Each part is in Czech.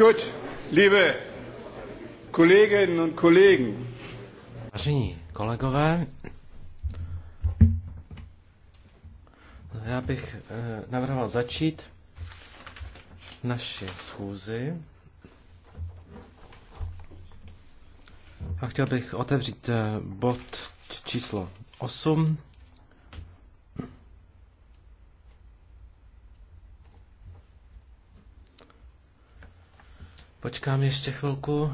Gut, liebe Kolleginnen und Kollegen. Vážení kolegové, já bych eh, navrhoval začít naši schůzi. A chtěl bych otevřít eh, bod číslo 8 Počkám ještě chvilku.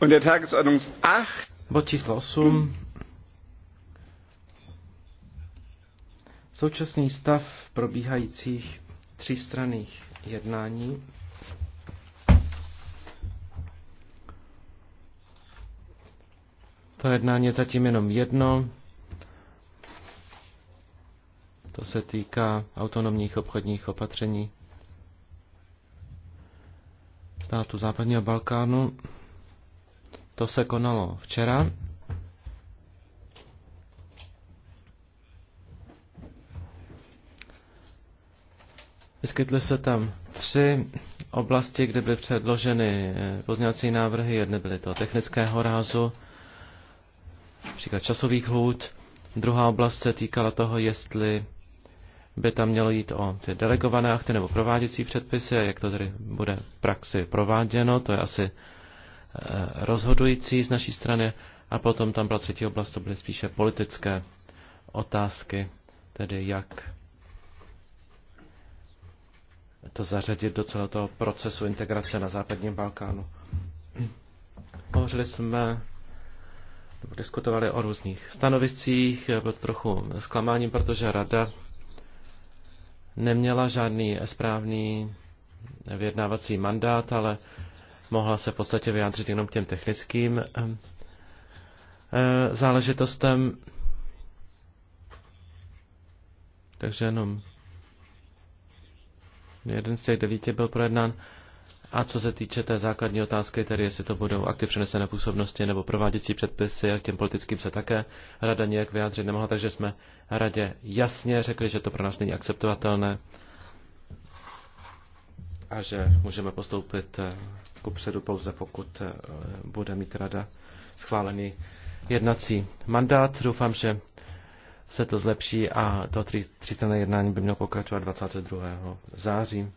Und der Tagesordnung 8. Bod číslo 8. Současný stav probíhajících třístranných jednání. To jednání je zatím jenom jedno. To se týká autonomních obchodních opatření státu západního Balkánu. To se konalo včera. Vyskytly se tam tři oblasti, kde byly předloženy eh, pozměňovací návrhy. Jedny byly to technického rázu, například časových hůd. Druhá oblast se týkala toho, jestli by tam mělo jít o ty delegované akty nebo prováděcí předpisy, jak to tedy bude v praxi prováděno, to je asi eh, rozhodující z naší strany. A potom tam byla třetí oblast, to byly spíše politické otázky, tedy jak to zařadit do celého toho procesu integrace na západním Balkánu. Hovořili jsme, diskutovali o různých stanoviscích, bylo to trochu zklamáním, protože rada neměla žádný správný vyjednávací mandát, ale mohla se v podstatě vyjádřit jenom těm technickým ehm, eh, záležitostem. Takže jenom jeden z těch devíti byl projednán. A co se týče té základní otázky, tedy jestli to budou akty přenesené působnosti nebo prováděcí předpisy, jak těm politickým se také rada nějak vyjádřit nemohla, takže jsme radě jasně řekli, že to pro nás není akceptovatelné a že můžeme postoupit eh, ku předu pouze, pokud eh, bude mít rada schválený jednací mandát. Doufám, že se to zlepší a to 30. jednání by mělo pokračovat 22. září.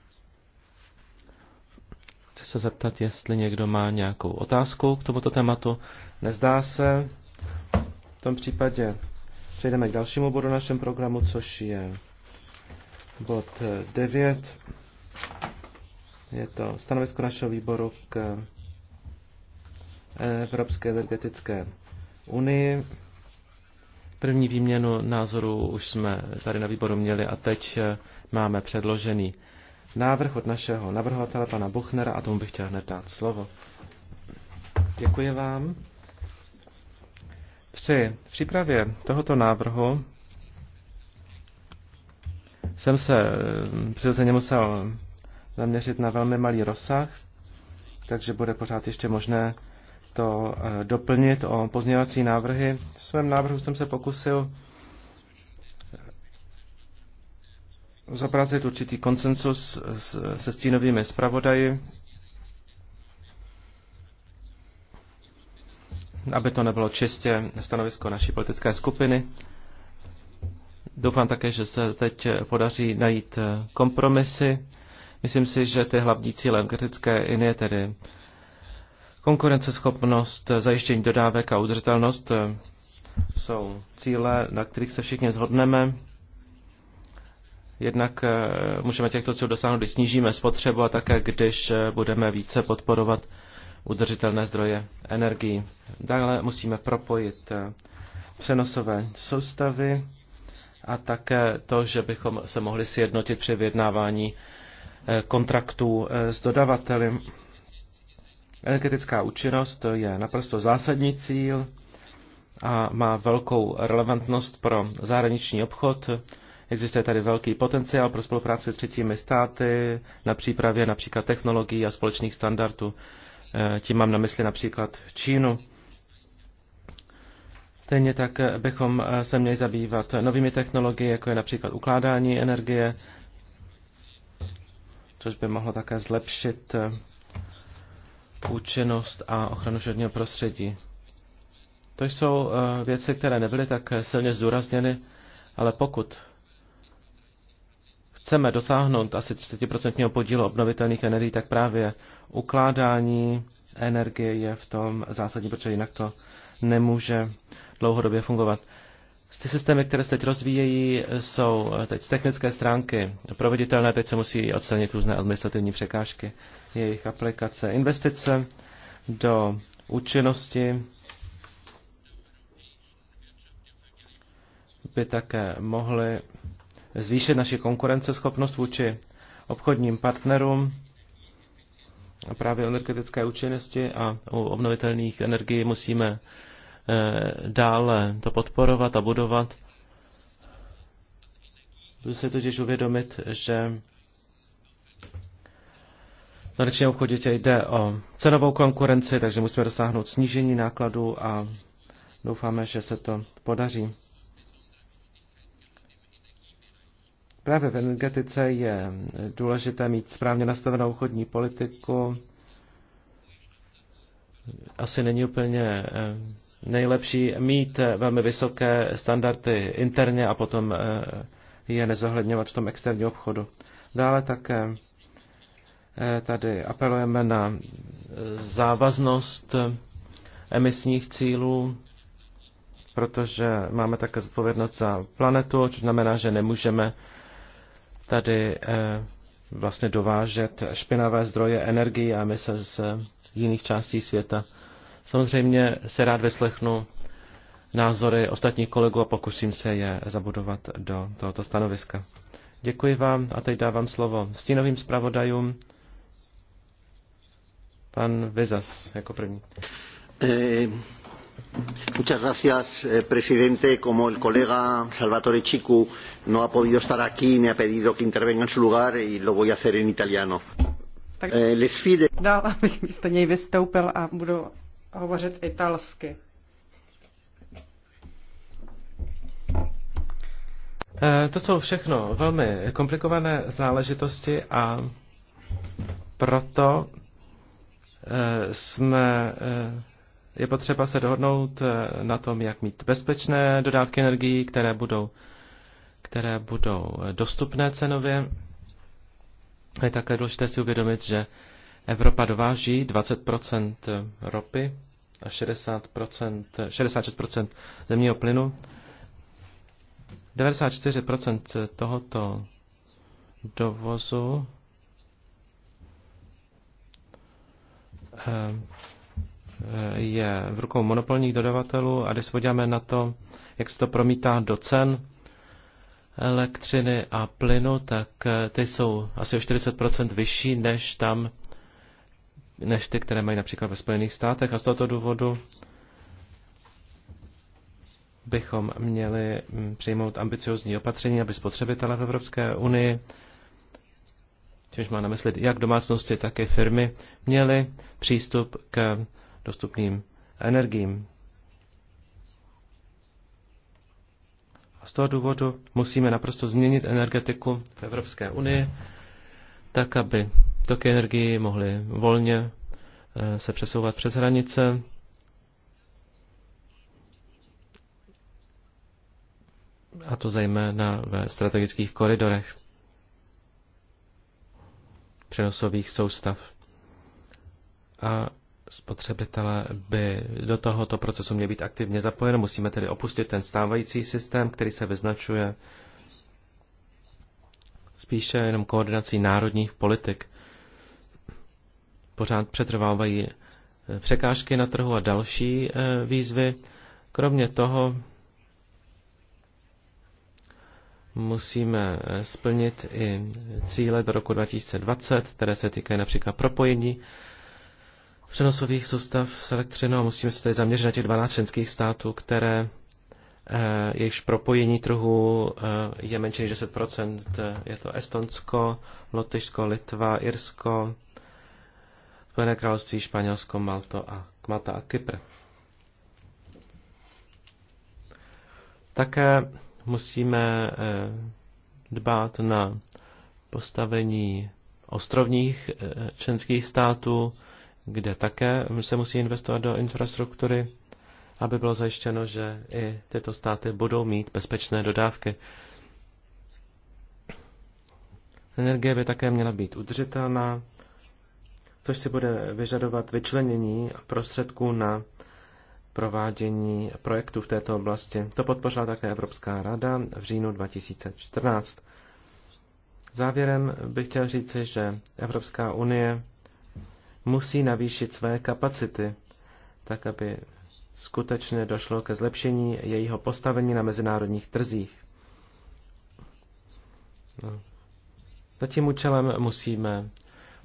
Chci se zeptat, jestli někdo má nějakou otázku k tomuto tématu. Nezdá se. V tom případě přejdeme k dalšímu bodu našem programu, což je bod 9. Je to stanovisko našeho výboru k Evropské energetické unii. První výměnu názorů už jsme tady na výboru měli a teď máme předložený návrh od našeho navrhovatele pana Buchnera a tomu bych chtěl hned dát slovo. Děkuji vám. Při přípravě tohoto návrhu jsem se eh, přirozeně musel zaměřit na velmi malý rozsah, takže bude pořád ještě možné to eh, doplnit o pozměňovací návrhy. V svém návrhu jsem se pokusil zobrazit určitý koncensus se stínovými zpravodaji, aby to nebylo čistě stanovisko naší politické skupiny. Doufám také, že se teď podaří najít kompromisy. Myslím si, že ty hlavní cíle kritické inie, tedy konkurenceschopnost, zajištění dodávek a udržitelnost, jsou cíle, na kterých se všichni zhodneme. Jednak eh, můžeme těchto cílů dosáhnout, když snížíme spotřebu a také když eh, budeme více podporovat udržitelné zdroje energií. Dále musíme propojit eh, přenosové soustavy a také to, že bychom se mohli sjednotit při vyjednávání kontraktů s dodavateli. Energetická účinnost je naprosto zásadní cíl a má velkou relevantnost pro zahraniční obchod. Existuje tady velký potenciál pro spolupráci s třetími státy na přípravě například technologií a společných standardů. Eh, tím mám na mysli například Čínu. Stejně tak eh, bychom eh, se měli zabývat novými technologiemi, jako je například ukládání energie, což by mohlo také zlepšit účinnost a ochranu životního prostředí. To jsou věci, které nebyly tak silně zdůrazněny, ale pokud chceme dosáhnout asi 30% podílu obnovitelných energií, tak právě ukládání energie je v tom zásadní, protože jinak to nemůže dlouhodobě fungovat. Ty systémy, které se teď rozvíjejí, jsou teď z technické stránky proveditelné, teď se musí odstranit různé administrativní překážky jejich aplikace. Investice do účinnosti by také mohly zvýšit naši konkurenceschopnost vůči obchodním partnerům právě energetické účinnosti a u obnovitelných energií musíme eh, dále to podporovat a budovat. Budu si totiž uvědomit, že v konečném obchodě jde o cenovou konkurenci, takže musíme dosáhnout snížení nákladů a doufáme, že se to podaří. Právě v energetice je důležité mít správně nastavenou chodní politiku. Asi není úplně eh, nejlepší mít eh, velmi vysoké standardy interně a potom eh, je nezohledňovat v tom externím obchodu. Dále také tady apelujeme na závaznost emisních cílů, protože máme také zodpovědnost za planetu, což znamená, že nemůžeme tady eh, vlastně dovážet špinavé zdroje energii a mise z eh, jiných částí světa. Samozřejmě se rád vyslechnu názory ostatních kolegů a pokusím se je zabudovat do tohoto stanoviska. Děkuji vám a teď dávám slovo stínovým zpravodajům. Pan Vizas jako první. Eh, señor eh, presidente como el colega salvatore cicu no ha podido estar aquí me ha pedido que intervenga en su lugar y lo voy a hacer en italiano. Tak eh, dál, abych místo něj vystoupil a budu hovořit italsky. Eh, to jsou všechno velmi komplikované záležitosti a proto jsme je potřeba se dohodnout eh, na tom, jak mít bezpečné dodávky energií, které budou, které budou eh, dostupné cenově. Je také důležité si uvědomit, že Evropa dováží 20 eh, ropy a 60 66 zemního plynu. 94 tohoto dovozu je v rukou monopolních dodavatelů a když se na to, jak se to promítá do cen elektřiny a plynu, tak eh, ty jsou asi o 40% vyšší než tam, než ty, které mají například ve Spojených státech. A z tohoto důvodu bychom měli mm, přijmout ambiciozní opatření, aby spotřebitelé v Evropské unii což má na mysli jak domácnosti, tak i firmy, měli přístup k dostupným energiím. A z toho důvodu musíme naprosto změnit energetiku v Evropské unii, tak aby toky energii mohly volně eh, se přesouvat přes hranice. A to zejména ve strategických koridorech přenosových soustav. A Spotřebitelé by do tohoto procesu měli být aktivně zapojeni. Musíme tedy opustit ten stávající systém, který se vyznačuje spíše jenom koordinací národních politik. Pořád přetrvávají eh, překážky na trhu a další eh, výzvy. Kromě toho musíme eh, splnit i cíle do roku 2020, které se týkají například propojení přenosových soustav s elektřinou. Musíme se tady zaměřit na těch 12 členských států, které eh, jejichž propojení trhu eh, je menší než 10%. Je to Estonsko, Lotyšsko, Litva, Irsko, Spojené království, Španělsko, Malto a, Malta a Kypr. Také musíme eh, dbát na postavení ostrovních členských států, kde také se musí investovat do infrastruktury, aby bylo zajištěno, že i tyto státy budou mít bezpečné dodávky. Energie by také měla být udržitelná, což si bude vyžadovat vyčlenění prostředků na provádění projektů v této oblasti. To podpořila také Evropská rada v říjnu 2014. Závěrem bych chtěl říci, že Evropská unie musí navýšit své kapacity, tak aby skutečně došlo ke zlepšení jejího postavení na mezinárodních trzích. No. Za tím účelem musíme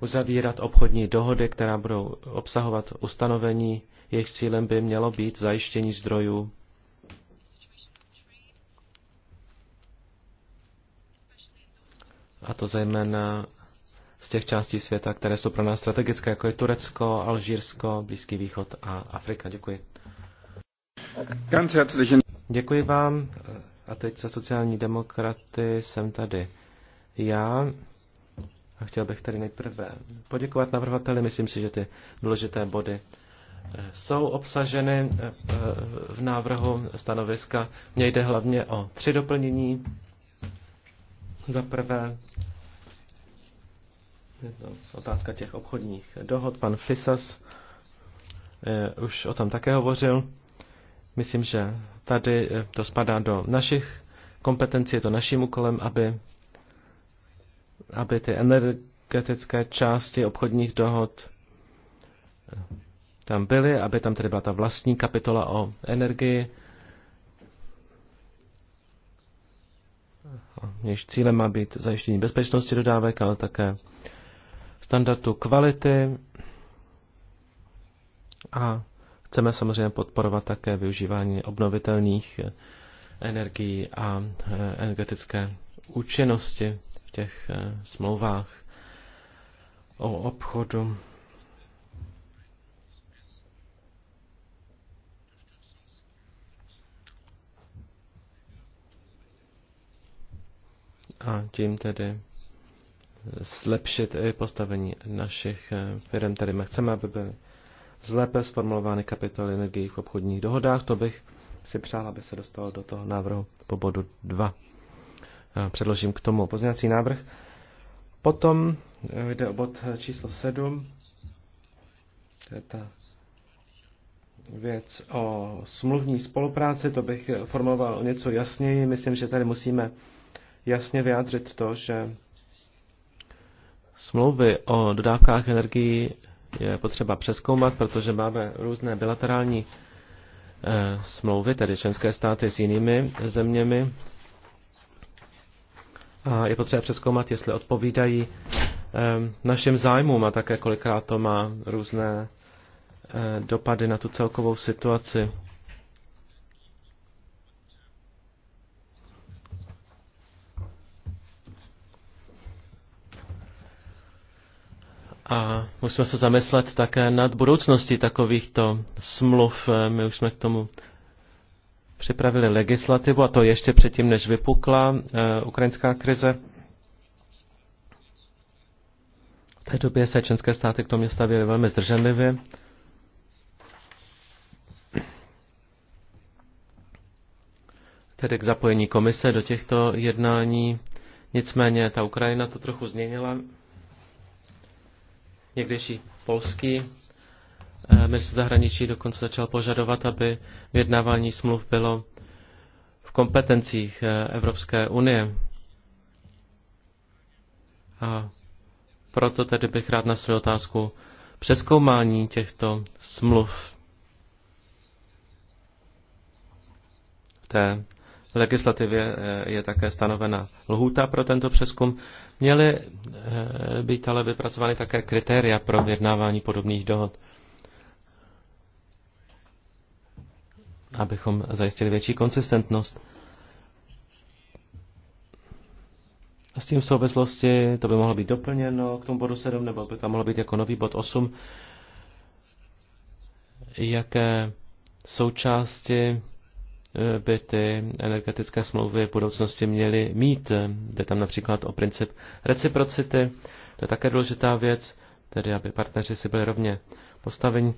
uzavírat obchodní dohody, která budou obsahovat ustanovení, jejich cílem by mělo být zajištění zdrojů. A to zejména z těch částí světa, které jsou pro nás strategické, jako je Turecko, Alžírsko, Blízký východ a Afrika. Děkuji. Děkuji vám. A teď za sociální demokraty jsem tady já. A chtěl bych tady nejprve poděkovat navrhovateli. Myslím si, že ty důležité body eh, jsou obsaženy eh, v návrhu stanoviska. Mně jde hlavně o tři doplnění. Za prvé je to otázka těch obchodních dohod. Pan Fisas eh, už o tom také hovořil. Myslím, že tady eh, to spadá do našich kompetencí, je to naším úkolem, aby, aby ty energetické části obchodních dohod eh, tam byly, aby tam tedy byla ta vlastní kapitola o energii. Jež cílem má být zajištění bezpečnosti dodávek, ale také standardu kvality a chceme samozřejmě podporovat také využívání obnovitelných energií a eh, energetické účinnosti v těch eh, smlouvách o obchodu. A tím tedy zlepšit i postavení našich eh, firm. Tady my chceme, aby byly zlépe sformulovány kapitoly energií v obchodních dohodách. To bych si přál, aby se dostalo do toho návrhu po bodu 2. Eh, předložím k tomu pozměňovací návrh. Potom eh, jde o bod číslo 7. To je ta věc o smluvní spolupráci. To bych formoval o něco jasněji. Myslím, že tady musíme jasně vyjádřit to, že smlouvy o dodávkách energii je potřeba přeskoumat, protože máme různé bilaterální eh, smlouvy, tedy členské státy s jinými zeměmi. A je potřeba přeskoumat, jestli odpovídají eh, našim zájmům a také kolikrát to má různé eh, dopady na tu celkovou situaci. A musíme se zamyslet také nad budoucností takovýchto smluv. My už jsme k tomu připravili legislativu, a to ještě předtím, než vypukla eh, ukrajinská krize. V té době se členské státy k tomu stavěly velmi zdrženlivě. Tedy k zapojení komise do těchto jednání. Nicméně ta Ukrajina to trochu změnila někdejší polský eh, ministr zahraničí dokonce začal požadovat, aby vyjednávání smluv bylo v kompetencích eh, Evropské unie. A proto tedy bych rád na svou otázku přeskoumání těchto smluv v té v legislativě eh, je také stanovena lhůta pro tento přeskum. Měly eh, být ale vypracovány také kritéria pro vyjednávání podobných dohod, abychom zajistili větší konsistentnost. A s tím v souvislosti to by mohlo být doplněno k tomu bodu 7, nebo by tam mohlo být jako nový bod 8. Jaké součásti Eh, by ty energetické smlouvy v budoucnosti měly mít. Jde tam například o princip reciprocity, to je také důležitá věc, tedy aby partneři si byli rovně postaveni.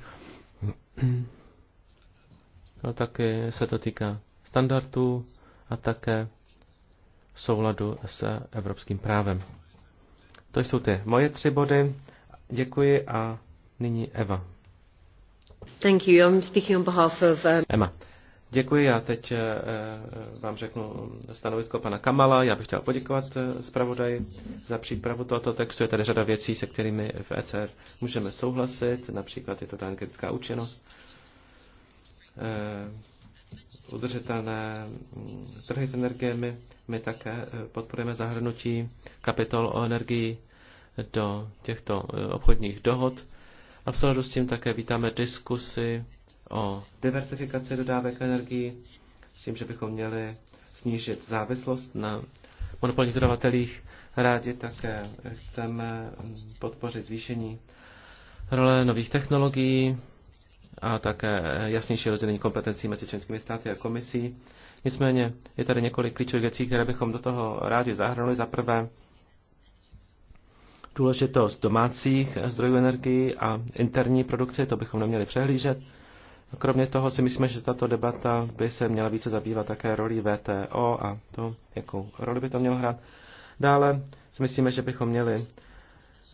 A no, taky se to týká standardů a také v souladu s evropským právem. To jsou ty moje tři body. Děkuji a nyní Eva. Thank you. I'm speaking on behalf of, um... Emma. Děkuji, já teď eh, eh, vám řeknu stanovisko pana Kamala. Já bych chtěl poděkovat eh, zpravodaji za přípravu tohoto textu. Je tady řada věcí, se kterými v ECR můžeme souhlasit, například je to ta energetická účinnost, udržitelné mm, trhy s energiemi. My také podporujeme zahrnutí kapitol o energii do těchto obchodních dohod. A v souladu s tím také vítáme diskusy o diversifikaci dodávek energii, s tím, že bychom měli snížit závislost na monopolních dodavatelích. Rádi také chceme podpořit zvýšení role nových technologií a také jasnější rozdělení kompetencí mezi členskými státy a komisí. Nicméně je tady několik klíčových věcí, které bychom do toho rádi zahrnuli. Za prvé důležitost domácích zdrojů energii a interní produkce, to bychom neměli přehlížet. Kromě toho si myslíme, že tato debata by se měla více zabývat také roli VTO a to, jakou roli by to mělo hrát. Dále si myslíme, že bychom měli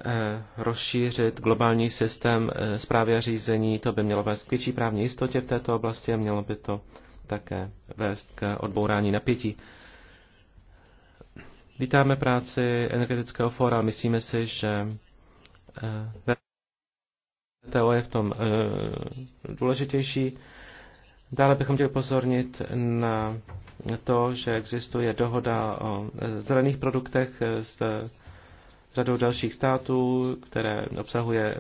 eh, rozšířit globální systém eh, zprávy a řízení. To by mělo vést k větší právní jistotě v této oblasti a mělo by to také vést k odbourání napětí. Vítáme práci energetického fora. Myslíme si, že eh, TO je v tom e, důležitější. Dále bychom chtěli pozornit na to, že existuje dohoda o eh, zelených produktech eh, s řadou dalších států, které obsahuje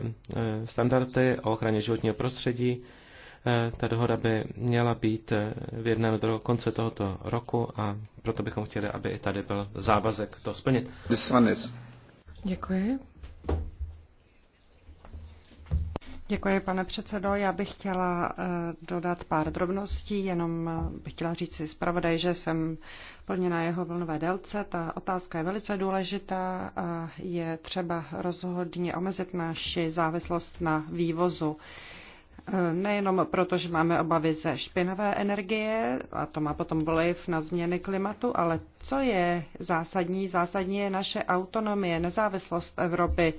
standardy o ochraně životního prostředí. Ta dohoda by měla být vyjednána do konce tohoto roku a proto bychom chtěli, aby i tady byl závazek to splnit. Děkuji. Děkuji, pane předsedo. Já bych chtěla eh, dodat pár drobností, jenom eh, bych chtěla říct si zpravodaj, že jsem plně na jeho vlnové délce. Ta otázka je velice důležitá a je třeba rozhodně omezit naši závislost na vývozu. Eh, nejenom proto, že máme obavy ze špinavé energie, a to má potom vliv na změny klimatu, ale co je zásadní? Zásadní je naše autonomie, nezávislost Evropy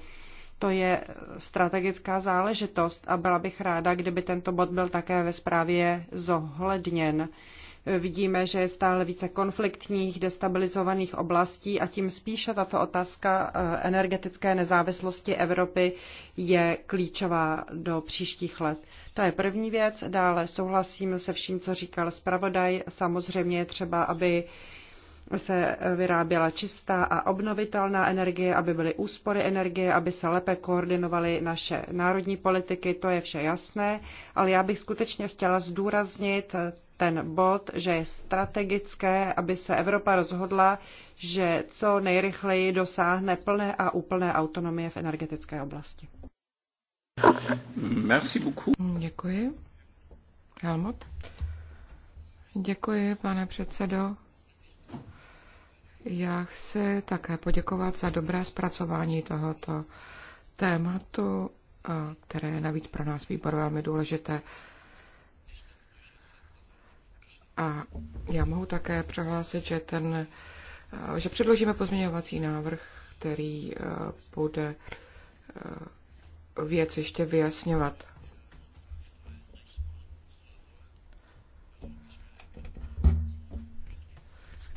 to je strategická záležitost a byla bych ráda, kdyby tento bod byl také ve zprávě zohledněn. Vidíme, že je stále více konfliktních, destabilizovaných oblastí a tím spíše tato otázka eh, energetické nezávislosti Evropy je klíčová do příštích let. To je první věc. Dále souhlasím se vším, co říkal zpravodaj. Samozřejmě je třeba, aby se vyráběla čistá a obnovitelná energie, aby byly úspory energie, aby se lépe koordinovaly naše národní politiky, to je vše jasné, ale já bych skutečně chtěla zdůraznit ten bod, že je strategické, aby se Evropa rozhodla, že co nejrychleji dosáhne plné a úplné autonomie v energetické oblasti. Merci beaucoup. Děkuji. Helmut. Děkuji, pane předsedo. Já chci také poděkovat za dobré zpracování tohoto tématu, které je navíc pro nás výbor velmi důležité. A já mohu také přihlásit, že, ten, že předložíme pozměňovací návrh, který e, bude e, věc ještě vyjasňovat.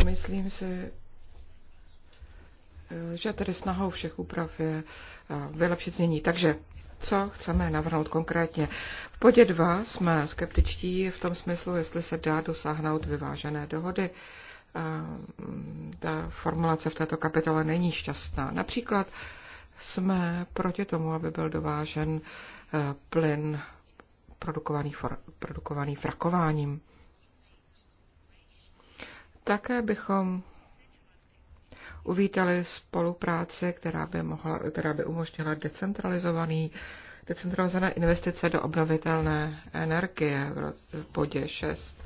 Myslím si, že tedy snahou všech úprav je eh, vylepšit znění. Takže co chceme navrhnout konkrétně. V podě 2 jsme skeptičtí v tom smyslu, jestli se dá dosáhnout vyvážené dohody. Mm, ta formulace v této kapitole není šťastná. Například jsme proti tomu, aby byl dovážen eh, plyn produkovaný, produkovaný frakováním. Také bychom uvítali spolupráci, která by, mohla, která by umožnila decentralizovaný decentralizované investice do obnovitelné energie v bodě 6.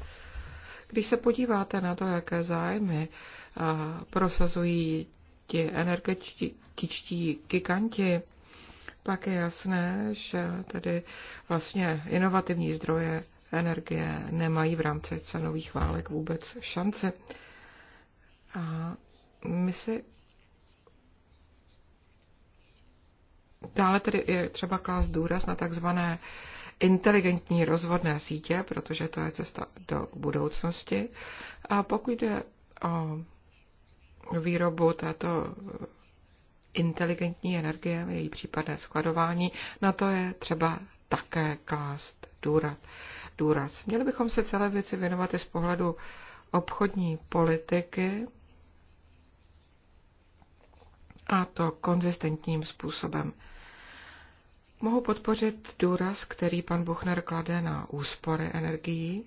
Když se podíváte na to, jaké zájmy prosazují ti energetičtí giganti, pak je jasné, že tedy vlastně inovativní zdroje energie nemají v rámci cenových válek vůbec šance. A my si dále tedy je třeba klást důraz na takzvané inteligentní rozvodné sítě, protože to je cesta do budoucnosti. A pokud jde o výrobu této inteligentní energie, její případné skladování, na to je třeba také klást důraz. důraz. Měli bychom se celé věci věnovat i z pohledu obchodní politiky, a to konzistentním způsobem. Mohu podpořit důraz, který pan Buchner klade na úspory energií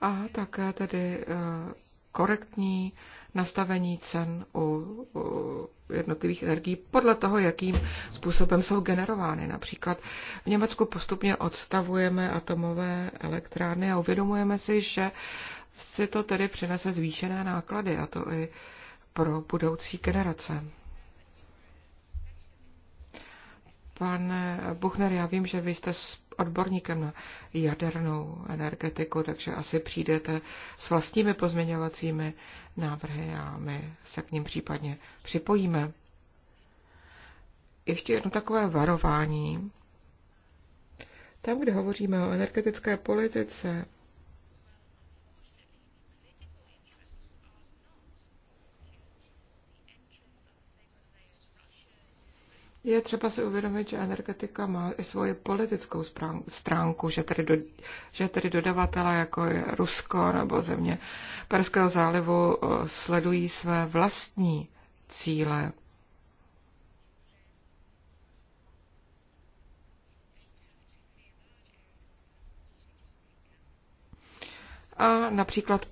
a také tedy eh, korektní nastavení cen u jednotlivých energií podle toho, jakým způsobem jsou generovány. Například v Německu postupně odstavujeme atomové elektrárny a uvědomujeme si, že si to tedy přinese zvýšené náklady, a to i pro budoucí generace. Pan Buchner, já vím, že vy jste odborníkem na jadernou energetiku, takže asi přijdete s vlastními pozměňovacími návrhy a my se k ním případně připojíme. Ještě jedno takové varování. Tam, kde hovoříme o energetické politice, Je třeba si uvědomit, že energetika má i svoji politickou stránku, že tedy, do, že tedy dodavatele, jako je Rusko nebo země Perského zálivu, eh, sledují své vlastní cíle. A například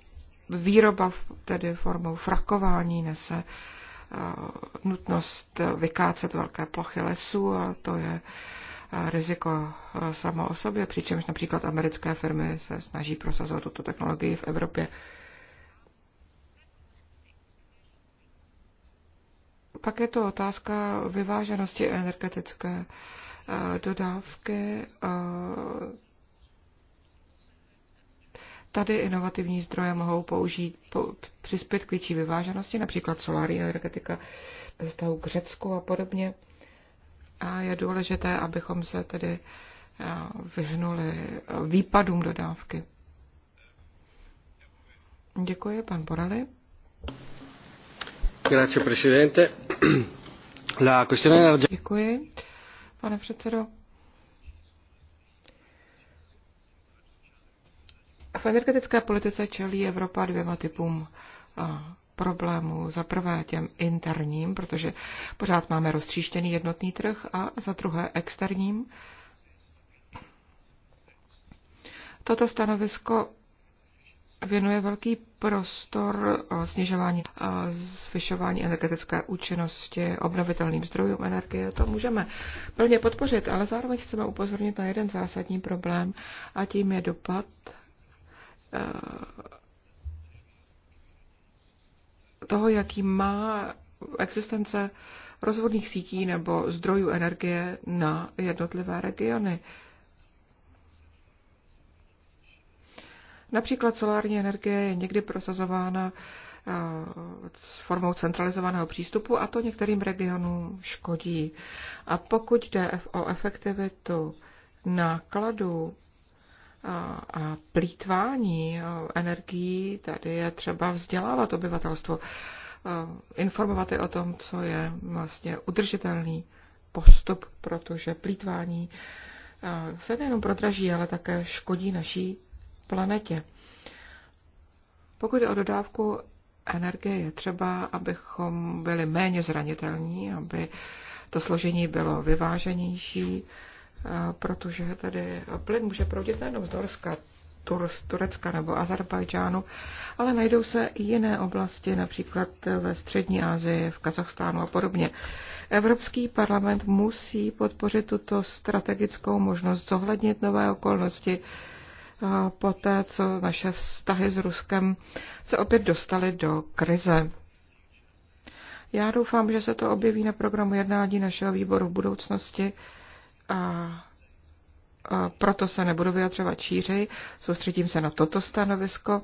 výroba tedy formou frakování nese uh, Eh, nutnost vykácet velké plochy lesů a to je eh, riziko eh, samo o sobě, přičemž například americké firmy se snaží prosazovat tuto technologii v Evropě. Pak je to otázka vyváženosti energetické dodávky. Tady inovativní zdroje mohou použít, po, přispět k větší vyváženosti, například solární energetika ve vztahu k Řecku a podobně. A je důležité, abychom se tedy eh, vyhnuli eh, výpadům dodávky. Děkuji, pan Borali. Děkuji, pane předsedo. V energetické politice čelí Evropa dvěma typům eh, problémů. Za prvé těm interním, protože pořád máme roztříštěný jednotný trh, a za druhé externím. Toto stanovisko věnuje velký prostor eh, snižování a eh, zvyšování energetické účinnosti obnovitelným zdrojům energie. To můžeme plně podpořit, ale zároveň chceme upozornit na jeden zásadní problém a tím je dopad Eh, toho, jaký má existence rozvodných sítí nebo zdrojů energie na jednotlivé regiony. Například solární energie je někdy prosazována eh, s formou centralizovaného přístupu a to některým regionům škodí. A pokud jde o efektivitu nákladu a plítvání e, energií, tady je třeba vzdělávat obyvatelstvo, e, informovat je o tom, co je vlastně udržitelný postup, protože plítvání e, se nejenom prodraží, ale také škodí naší planetě. Pokud je o dodávku energie, je třeba, abychom byli méně zranitelní, aby to složení bylo vyváženější, protože tedy plyn může proudit nejenom z Norska, Turecka nebo Azerbajdžánu, ale najdou se i jiné oblasti, například ve Střední Asii, v Kazachstánu a podobně. Evropský parlament musí podpořit tuto strategickou možnost zohlednit nové okolnosti poté, co naše vztahy s Ruskem se opět dostaly do krize. Já doufám, že se to objeví na programu jednání našeho výboru v budoucnosti a proto se nebudu vyjadřovat šířej, soustředím se na toto stanovisko.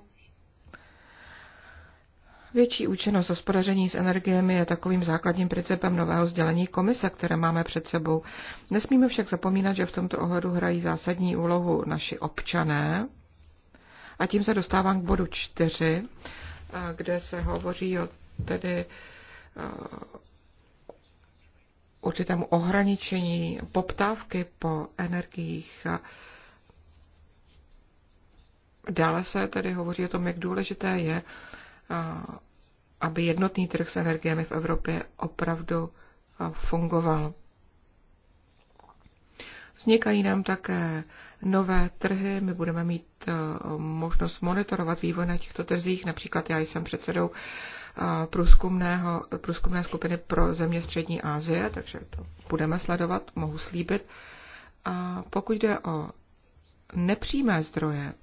Větší účinnost hospodaření s energiemi je takovým základním principem nového sdělení komise, které máme před sebou. Nesmíme však zapomínat, že v tomto ohledu hrají zásadní úlohu naši občané. A tím se dostávám k bodu čtyři, kde se hovoří o tedy určitému ohraničení poptávky po energiích. dále se tady hovoří o tom, jak důležité je, aby jednotný trh s energiemi v Evropě opravdu fungoval. Vznikají nám také nové trhy, my budeme mít eh, možnost monitorovat vývoj na těchto trzích. Například já jsem předsedou eh, průzkumného, průzkumné skupiny pro země Střední Asie, takže to budeme sledovat, mohu slíbit. A pokud jde o nepřímé zdroje,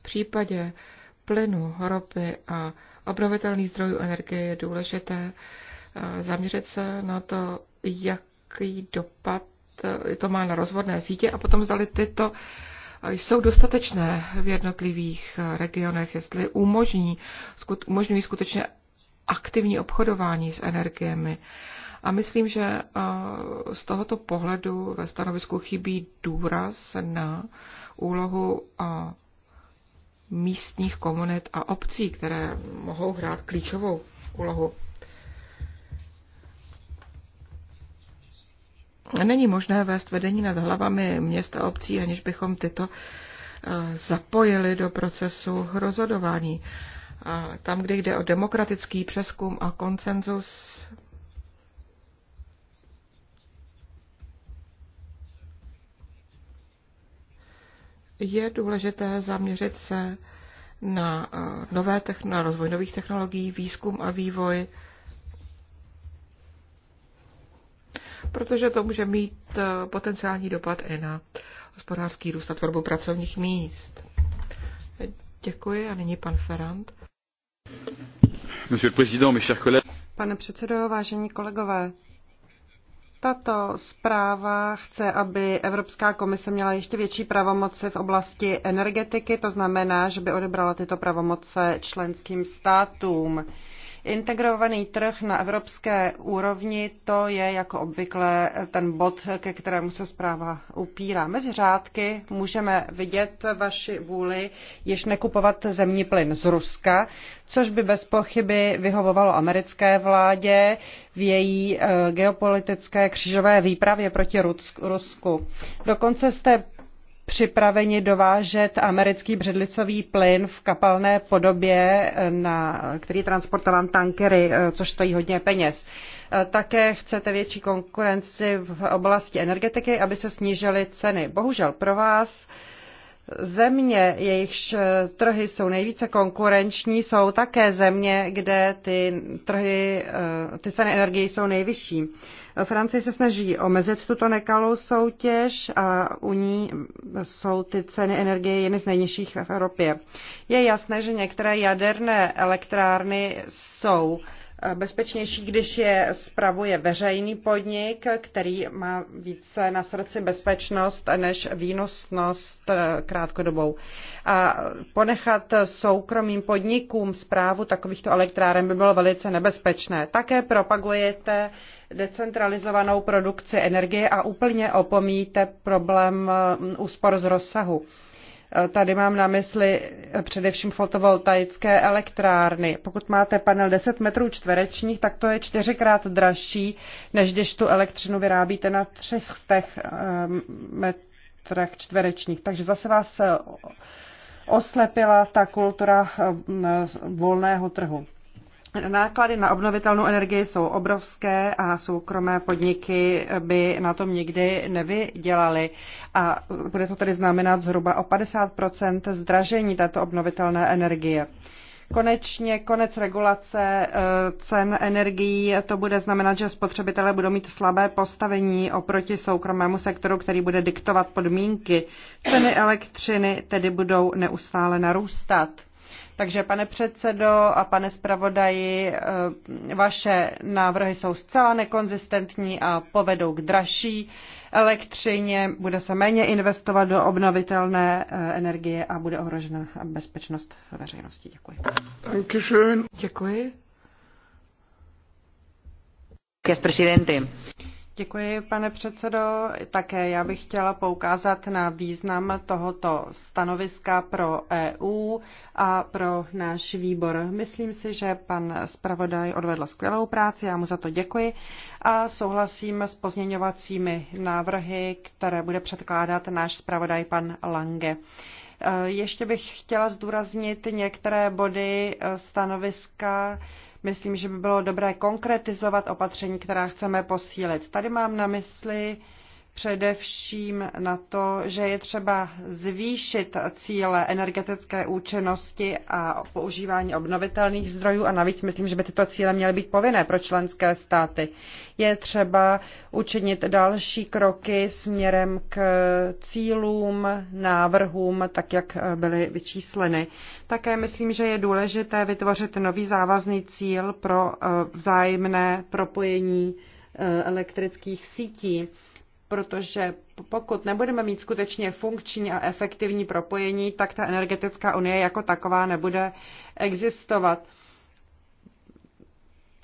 v případě plynu, ropy a obnovitelných zdrojů energie je důležité eh, zaměřit se na to, jaký dopad Eh, to má na rozvodné sítě a potom zdali tyto eh, jsou dostatečné v jednotlivých eh, regionech, jestli umožní, umožňují skutečně aktivní obchodování s energiemi. A myslím, že z tohoto pohledu ve stanovisku chybí důraz na úlohu místních komunit a obcí, které mohou hrát klíčovou úlohu. Není možné vést vedení nad hlavami města a obcí, aniž bychom tyto eh, zapojili do procesu rozhodování. A tam, kde jde o demokratický přeskum a konsenzus, je důležité zaměřit se na, eh, nové techn- na rozvoj nových technologií, výzkum a vývoj, protože to může mít eh, potenciální dopad i na hospodářský růst a tvorbu pracovních míst. Děkuji a nyní pan Ferrand. Pane předsedo, vážení kolegové, tato zpráva chce, aby Evropská komise měla ještě větší pravomoci v oblasti energetiky, to znamená, že by odebrala tyto pravomoce členským státům. Integrovaný trh na evropské úrovni, to je jako obvykle ten bod, ke kterému se zpráva upírá. Mezi řádky můžeme vidět vaši vůli již nekupovat zemní plyn z Ruska, což by bez pochyby vyhovovalo americké vládě v její eh, geopolitické křižové výpravě proti Rusku. Dokonce jste připraveni dovážet americký břidlicový plyn v kapalné podobě, eh, na, který je transportován tankery, eh, což stojí hodně peněz. Eh, také chcete větší konkurenci v oblasti energetiky, aby se snížily ceny. Bohužel pro vás Země, jejichž trhy jsou nejvíce konkurenční, jsou také země, kde ty, trhy, ty ceny energie jsou nejvyšší. Francie se snaží omezit tuto nekalou soutěž a u ní jsou ty ceny energie jedny z nejnižších v Evropě. Je jasné, že některé jaderné elektrárny jsou eh, bezpečnější, když je spravuje veřejný podnik, který má více na srdci bezpečnost než výnosnost eh, krátkodobou. A ponechat soukromým podnikům zprávu takovýchto elektráren by bylo velice nebezpečné. Také propagujete decentralizovanou produkci energie a úplně opomíjíte problém mm, úspor z rozsahu. E, tady mám na mysli především fotovoltaické elektrárny. Pokud máte panel 10 metrů čtverečních, tak to je čtyřikrát dražší, než když tu elektřinu vyrábíte na 300 metrech čtverečních. Takže zase vás e, oslepila ta kultura e, volného trhu. Náklady na obnovitelnou energii jsou obrovské a soukromé podniky by na tom nikdy nevydělaly. A bude to tedy znamenat zhruba o 50 zdražení této obnovitelné energie. Konečně konec regulace e, cen energií, to bude znamenat, že spotřebitelé budou mít slabé postavení oproti soukromému sektoru, který bude diktovat podmínky. Ceny elektřiny tedy budou neustále narůstat. Takže pane předsedo a pane zpravodaji, eh, vaše návrhy jsou zcela nekonzistentní a povedou k dražší elektřině, bude se méně investovat do obnovitelné eh, energie a bude ohrožena bezpečnost veřejnosti. Děkuji. Děkuji. Děkuji. Děkuji, pane předsedo. Také já bych chtěla poukázat na význam tohoto stanoviska pro EU a pro náš výbor. Myslím si, že pan zpravodaj odvedl skvělou práci, já mu za to děkuji a souhlasím s pozměňovacími návrhy, které bude předkládat náš zpravodaj pan Lange. E, ještě bych chtěla zdůraznit některé body e, stanoviska, Myslím, že by bylo dobré konkretizovat opatření, která chceme posílit. Tady mám na mysli především na to, že je třeba zvýšit cíle energetické účinnosti a používání obnovitelných zdrojů a navíc myslím, že by tyto cíle měly být povinné pro členské státy. Je třeba učinit další kroky směrem k cílům, návrhům, tak jak byly vyčísleny. Také myslím, že je důležité vytvořit nový závazný cíl pro eh, vzájemné propojení eh, elektrických sítí protože pokud nebudeme mít skutečně funkční a efektivní propojení, tak ta energetická unie jako taková nebude existovat.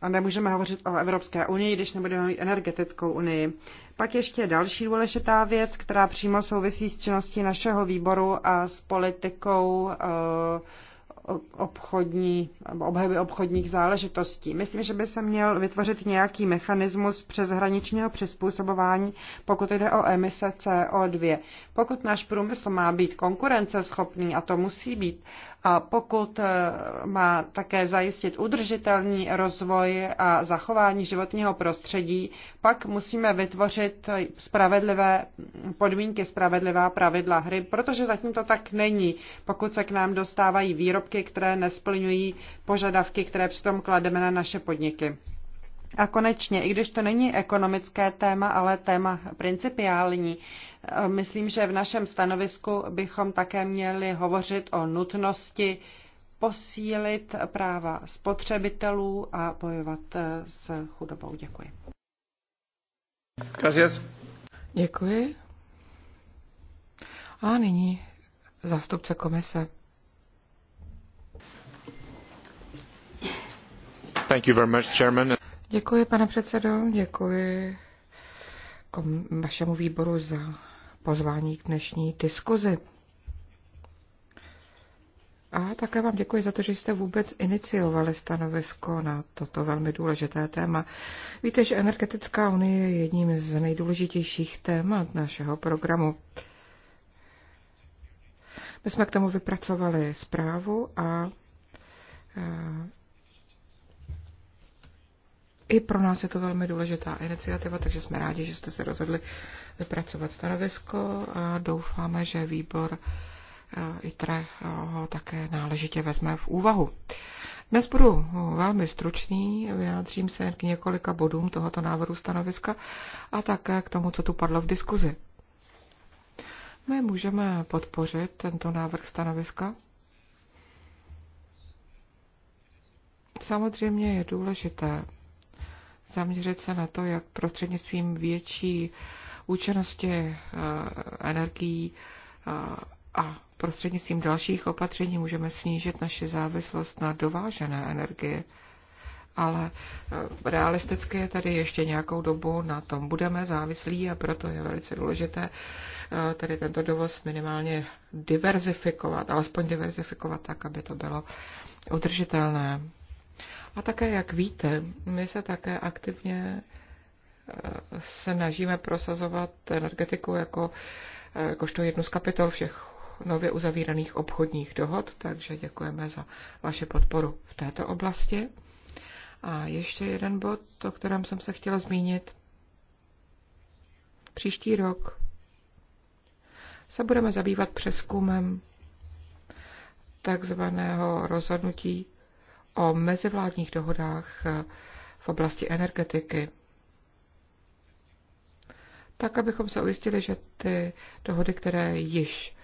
A nemůžeme hovořit o Evropské unii, když nebudeme mít energetickou unii. Pak ještě další důležitá věc, která přímo souvisí s činností našeho výboru a s politikou uh, obchodní, obhajoby obchodních záležitostí. Myslím, že by se měl vytvořit nějaký mechanismus přeshraničního přizpůsobování, pokud jde o emise CO2. Pokud náš průmysl má být konkurenceschopný, a to musí být, a pokud eh, má také zajistit udržitelný rozvoj a zachování životního prostředí, pak musíme vytvořit spravedlivé podmínky, spravedlivá pravidla hry, protože zatím to tak není. Pokud se k nám dostávají výrobky, které nesplňují požadavky, které přitom klademe na naše podniky. A konečně, i když to není ekonomické téma, ale téma principiální, eh, myslím, že v našem stanovisku bychom také měli hovořit o nutnosti posílit práva spotřebitelů a bojovat eh, s chudobou. Děkuji. Gracias. Děkuji. A nyní zástupce komise. Thank you very much, Chairman. Děkuji, pane předsedo, děkuji vašemu výboru za pozvání k dnešní diskuzi. A také vám děkuji za to, že jste vůbec iniciovali stanovisko na toto velmi důležité téma. Víte, že energetická unie je jedním z nejdůležitějších témat našeho programu. My jsme k tomu vypracovali zprávu a i pro nás je to velmi důležitá iniciativa, takže jsme rádi, že jste se rozhodli vypracovat stanovisko a doufáme, že výbor eh, ITRE eh, ho také náležitě vezme v úvahu. Dnes budu eh, velmi stručný, vyjádřím se k několika bodům tohoto návrhu stanoviska a také k tomu, co tu padlo v diskuzi. My můžeme podpořit tento návrh stanoviska. Samozřejmě je důležité zaměřit se na to, jak prostřednictvím větší účinnosti eh, energií eh, a prostřednictvím dalších opatření můžeme snížit naši závislost na dovážené energie. Ale eh, realisticky je tady ještě nějakou dobu, na tom budeme závislí a proto je velice důležité tady tento dovoz minimálně diverzifikovat, alespoň diverzifikovat tak, aby to bylo udržitelné. A také, jak víte, my se také aktivně eh, snažíme prosazovat energetiku jako, eh, jakožto jednu z kapitol všech nově uzavíraných obchodních dohod, takže děkujeme za vaši podporu v této oblasti. A ještě jeden bod, o kterém jsem se chtěla zmínit. Příští rok se budeme zabývat přeskumem takzvaného rozhodnutí o mezivládních dohodách eh, v oblasti energetiky. Tak, abychom se ujistili, že ty dohody, které již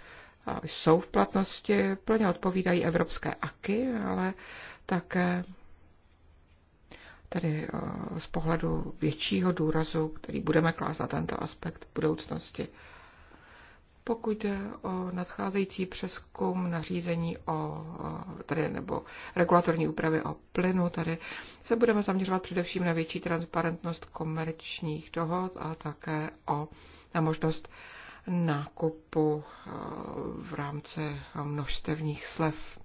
eh, jsou v platnosti, plně odpovídají evropské aky, ale také tedy eh, z pohledu většího důrazu, který budeme klást na tento aspekt v budoucnosti pokud jde o nadcházející přeskum nařízení o, tady, nebo regulatorní úpravy o plynu, tady se budeme zaměřovat především na větší transparentnost komerčních dohod a také o, na možnost nákupu e, v rámci množstevních slev.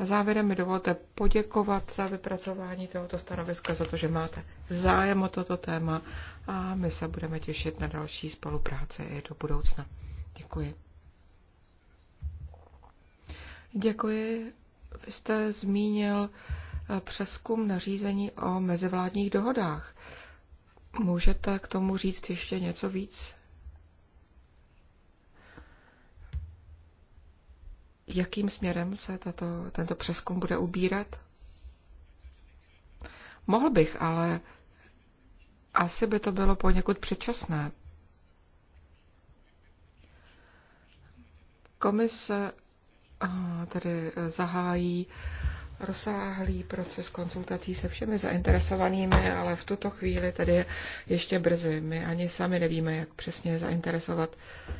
Závěrem mi dovolte poděkovat za vypracování tohoto stanoviska, za to, že máte zájem o toto téma a my se budeme těšit na další spolupráci i do budoucna. Děkuji. Děkuji. Vy jste zmínil eh, přeskum nařízení o mezivládních dohodách. Můžete k tomu říct ještě něco víc? jakým směrem se tato, tento přeskum bude ubírat? Mohl bych, ale asi by to bylo poněkud předčasné. Komise tedy e, zahájí rozsáhlý proces konzultací se všemi zainteresovanými, ale v tuto chvíli tedy ještě brzy. My ani sami nevíme, jak přesně zainteresovat uh,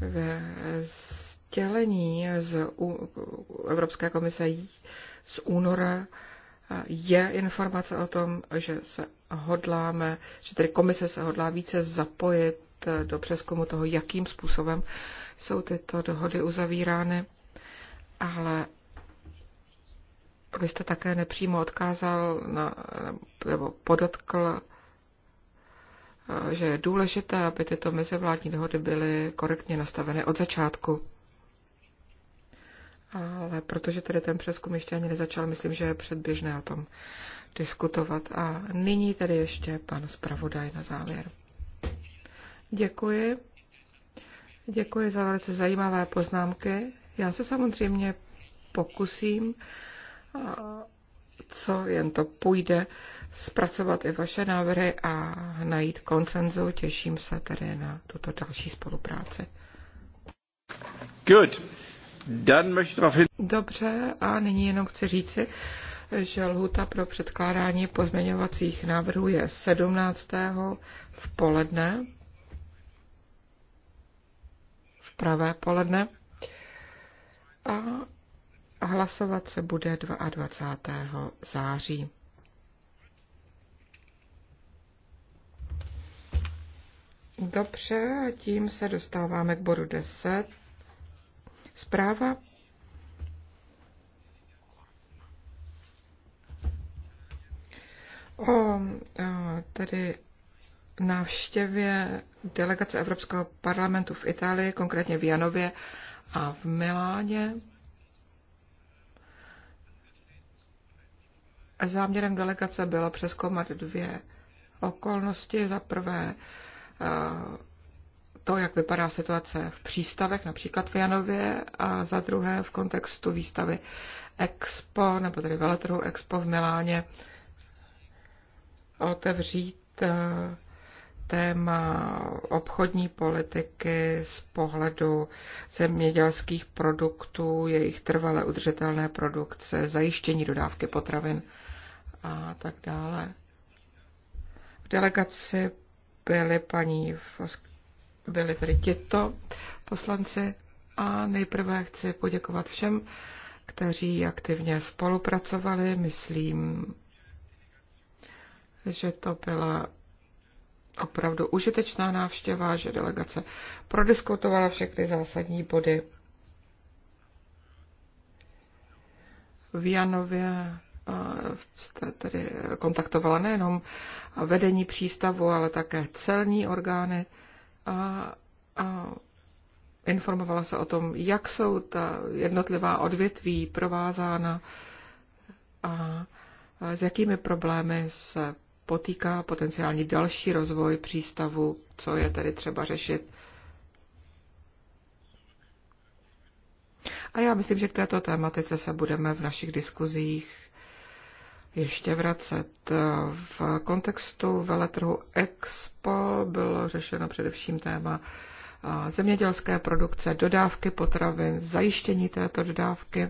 ve sdělení z Evropské komise z února je informace o tom, že se hodláme, že tedy komise se hodlá více zapojit do přeskumu toho, jakým způsobem jsou tyto dohody uzavírány, ale vy jste také nepřímo odkázal na, nebo podotkl že je důležité, aby tyto mezivládní dohody byly korektně nastaveny od začátku. Ale protože tedy ten přeskum ještě ani nezačal, myslím, že je předběžné o tom diskutovat. A nyní tedy ještě pan zpravodaj na závěr. Děkuji. Děkuji za velice zajímavé poznámky. Já se samozřejmě pokusím co jen to půjde, zpracovat i vaše návrhy a najít koncenzu. Těším se tedy na tuto další spolupráci. Good. Dobře, a nyní jenom chci říci, že lhuta pro předkládání pozměňovacích návrhů je 17. v poledne, v pravé poledne. A Hlasovat se bude 22. září. Dobře, tím se dostáváme k bodu 10. Zpráva o tedy návštěvě delegace Evropského parlamentu v Itálii, konkrétně v Janově a v Miláně. Záměrem delegace bylo přeskoumat dvě okolnosti. Za prvé eh, to, jak vypadá situace v přístavech, například v Janově, a za druhé v kontextu výstavy Expo, nebo tedy veletrhu Expo v Miláně, otevřít eh, téma obchodní politiky z pohledu zemědělských produktů, jejich trvalé udržitelné produkce, zajištění dodávky potravin a tak dále. V delegaci byly paní, byli tedy tito poslanci a nejprve chci poděkovat všem, kteří aktivně spolupracovali. Myslím, že to byla opravdu užitečná návštěva, že delegace prodiskutovala všechny zásadní body. V Janově eh, jste tedy kontaktovala nejenom vedení přístavu, ale také celní orgány a, a informovala se o tom, jak jsou ta jednotlivá odvětví provázána a s jakými problémy se potýká potenciální další rozvoj přístavu, co je tedy třeba řešit. A já myslím, že k této tématice se budeme v našich diskuzích ještě vracet. V kontextu veletrhu Expo bylo řešeno především téma zemědělské produkce, dodávky potravin, zajištění této dodávky.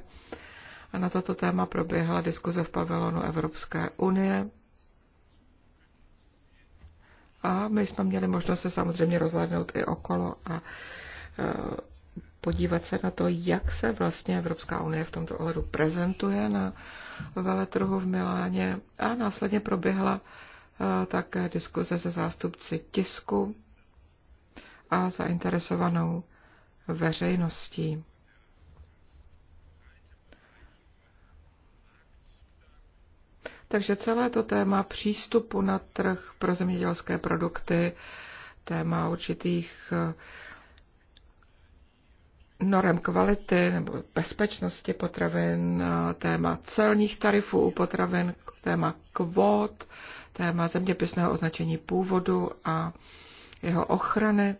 A na toto téma proběhla diskuze v pavilonu Evropské unie. A my jsme měli možnost se samozřejmě rozhlédnout i okolo a e, podívat se na to, jak se vlastně Evropská unie v tomto ohledu prezentuje na veletrhu v Miláně. A následně proběhla e, také diskuze se zástupci tisku a zainteresovanou veřejností. Takže celé to téma přístupu na trh pro zemědělské produkty, téma určitých eh, norem kvality nebo bezpečnosti potravin, eh, téma celních tarifů u potravin, téma kvót, téma zeměpisného označení původu a jeho ochrany.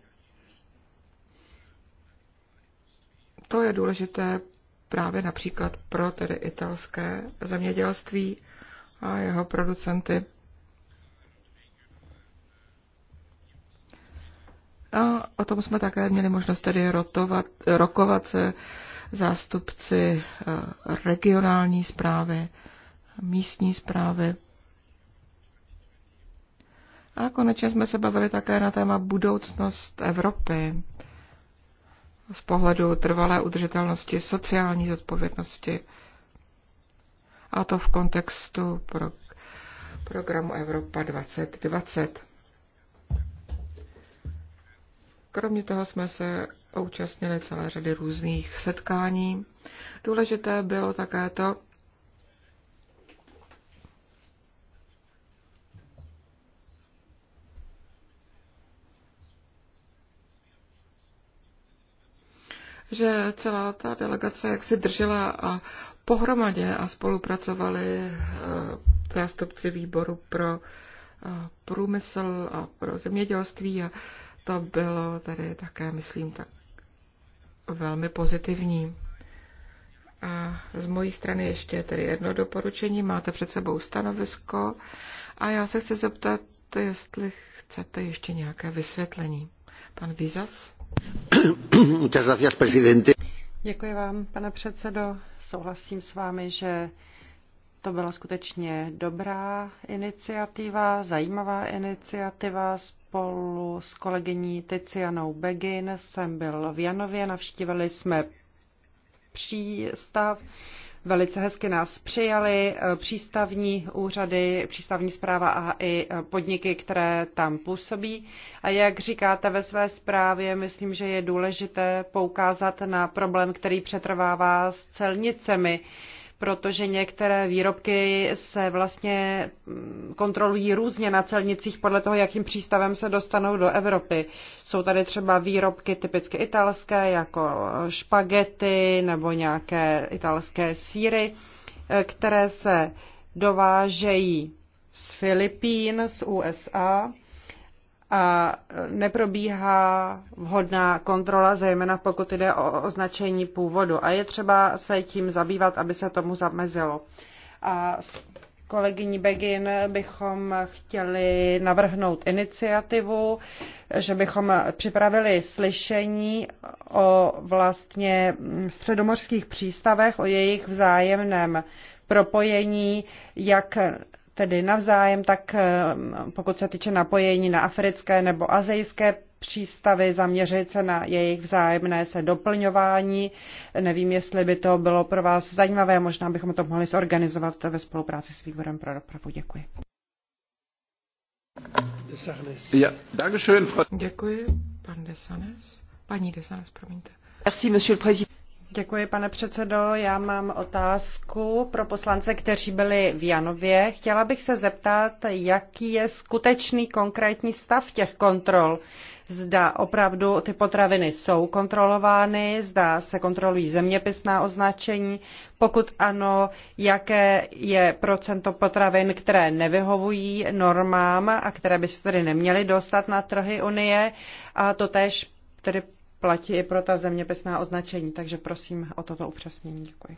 To je důležité právě například pro tedy italské zemědělství a jeho producenty. A o tom jsme také měli možnost tady rotovat, rokovat se zástupci eh, regionální zprávy, místní zprávy. A konečně jsme se bavili také na téma budoucnost Evropy z pohledu trvalé udržitelnosti, sociální zodpovědnosti a to v kontextu pro programu Evropa 2020. Kromě toho jsme se účastnili celé řady různých setkání. Důležité bylo také to, že celá ta delegace jak si držela a pohromadě a spolupracovali eh, zástupci výboru pro eh, průmysl a pro zemědělství a to bylo tady také, myslím, tak velmi pozitivní. A z mojí strany ještě tedy jedno doporučení. Máte před sebou stanovisko a já se chci zeptat, jestli chcete ještě nějaké vysvětlení. Pan Vizas? Děkuji vám, pane předsedo. Souhlasím s vámi, že to byla skutečně dobrá iniciativa, zajímavá iniciativa. Spolu s kolegyní Ticianou Begin jsem byl v Janově, navštívili jsme přístav Velice hezky nás přijali eh, přístavní úřady, přístavní zpráva a i eh, podniky, které tam působí. A jak říkáte ve své zprávě, myslím, že je důležité poukázat na problém, který přetrvává s celnicemi protože některé výrobky se vlastně mm, kontrolují různě na celnicích podle toho, jakým přístavem se dostanou do Evropy. Jsou tady třeba výrobky typicky italské, jako špagety nebo nějaké italské síry, eh, které se dovážejí z Filipín, z USA a neprobíhá vhodná kontrola, zejména pokud jde o označení původu. A je třeba se tím zabývat, aby se tomu zamezilo. A s kolegyní Begin bychom chtěli navrhnout iniciativu, že bychom připravili slyšení o vlastně středomořských přístavech, o jejich vzájemném propojení, jak tedy navzájem, tak eh, pokud se týče napojení na africké nebo azijské přístavy, zaměřit se na jejich vzájemné se doplňování. Nevím, jestli by to bylo pro vás zajímavé, možná bychom to mohli zorganizovat ve spolupráci s výborem pro dopravu. Děkuji. Děkuji, pan Desanes. Paní Desanes, promiňte. Merci, monsieur le président. Děkuji, pane předsedo. Já mám otázku pro poslance, kteří byli v Janově. Chtěla bych se zeptat, jaký je skutečný konkrétní stav těch kontrol. Zda opravdu ty potraviny jsou kontrolovány, zda se kontrolují zeměpisná označení. Pokud ano, jaké je procento potravin, které nevyhovují normám a které by se tedy neměly dostat na trhy Unie. A to též tedy platí i pro ta zeměpisná označení, takže prosím o toto upřesnění. Děkuji.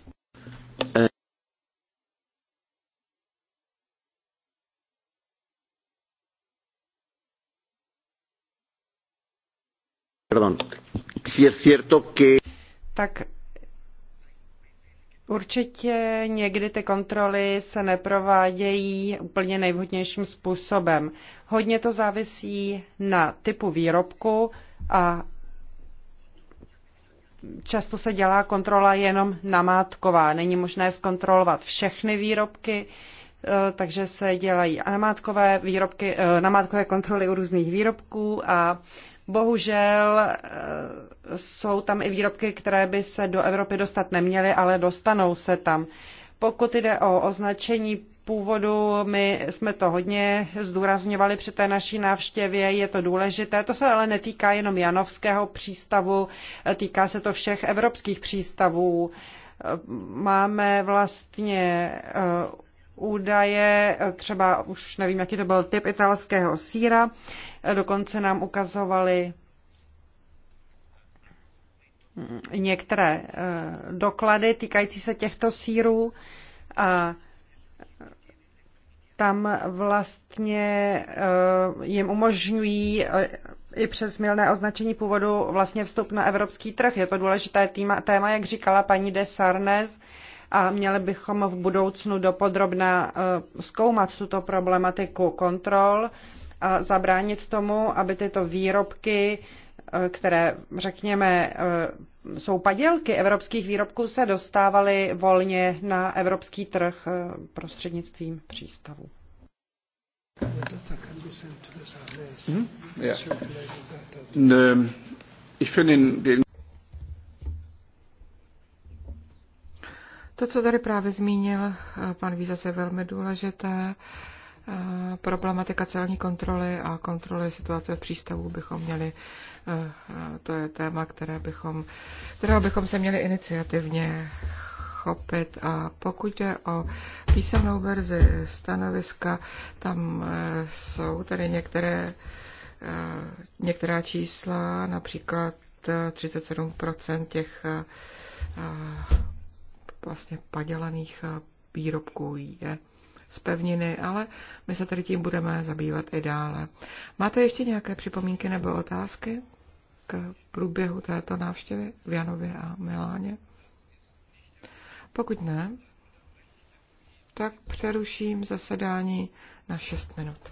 Pardon. Si je cierto que... Tak určitě někdy ty kontroly se neprovádějí úplně nejvhodnějším způsobem. Hodně to závisí na typu výrobku a často se dělá kontrola jenom namátková. Není možné zkontrolovat všechny výrobky, e, takže se dělají namátkové, výrobky, e, namátkové kontroly u různých výrobků a bohužel e, jsou tam i výrobky, které by se do Evropy dostat neměly, ale dostanou se tam. Pokud jde o označení původu. My jsme to hodně zdůrazňovali při té naší návštěvě, je to důležité. To se ale netýká jenom Janovského přístavu, týká se to všech evropských přístavů. Máme vlastně eh, údaje, třeba už nevím, jaký to byl typ italského síra, dokonce nám ukazovali mm, některé eh, doklady týkající se těchto sírů a tam vlastně eh, jim umožňují eh, i přes milné označení původu vlastně vstup na evropský trh. Je to důležité téma, téma jak říkala paní de Sarnes, a měli bychom v budoucnu dopodrobna eh, zkoumat tuto problematiku kontrol a zabránit tomu, aby tyto výrobky, které, řekněme, jsou padělky evropských výrobků, se dostávaly volně na evropský trh eh, prostřednictvím přístavu. Hmm? Um, to, co tady právě zmínil eh, pan Víza, je velmi důležité problematika celní kontroly a kontroly situace v přístavu bychom měli, eh, to je téma, které bychom, kterého bychom se měli iniciativně chopit. A pokud je o písemnou verzi stanoviska, tam eh, jsou tedy některé, eh, některá čísla, například 37% těch vlastně padělaných výrobků je z pevniny, ale my se tady tím budeme zabývat i dále. Máte ještě nějaké připomínky nebo otázky k průběhu této návštěvy v Janově a Miláně? Pokud ne, tak přeruším zasedání na 6 minut.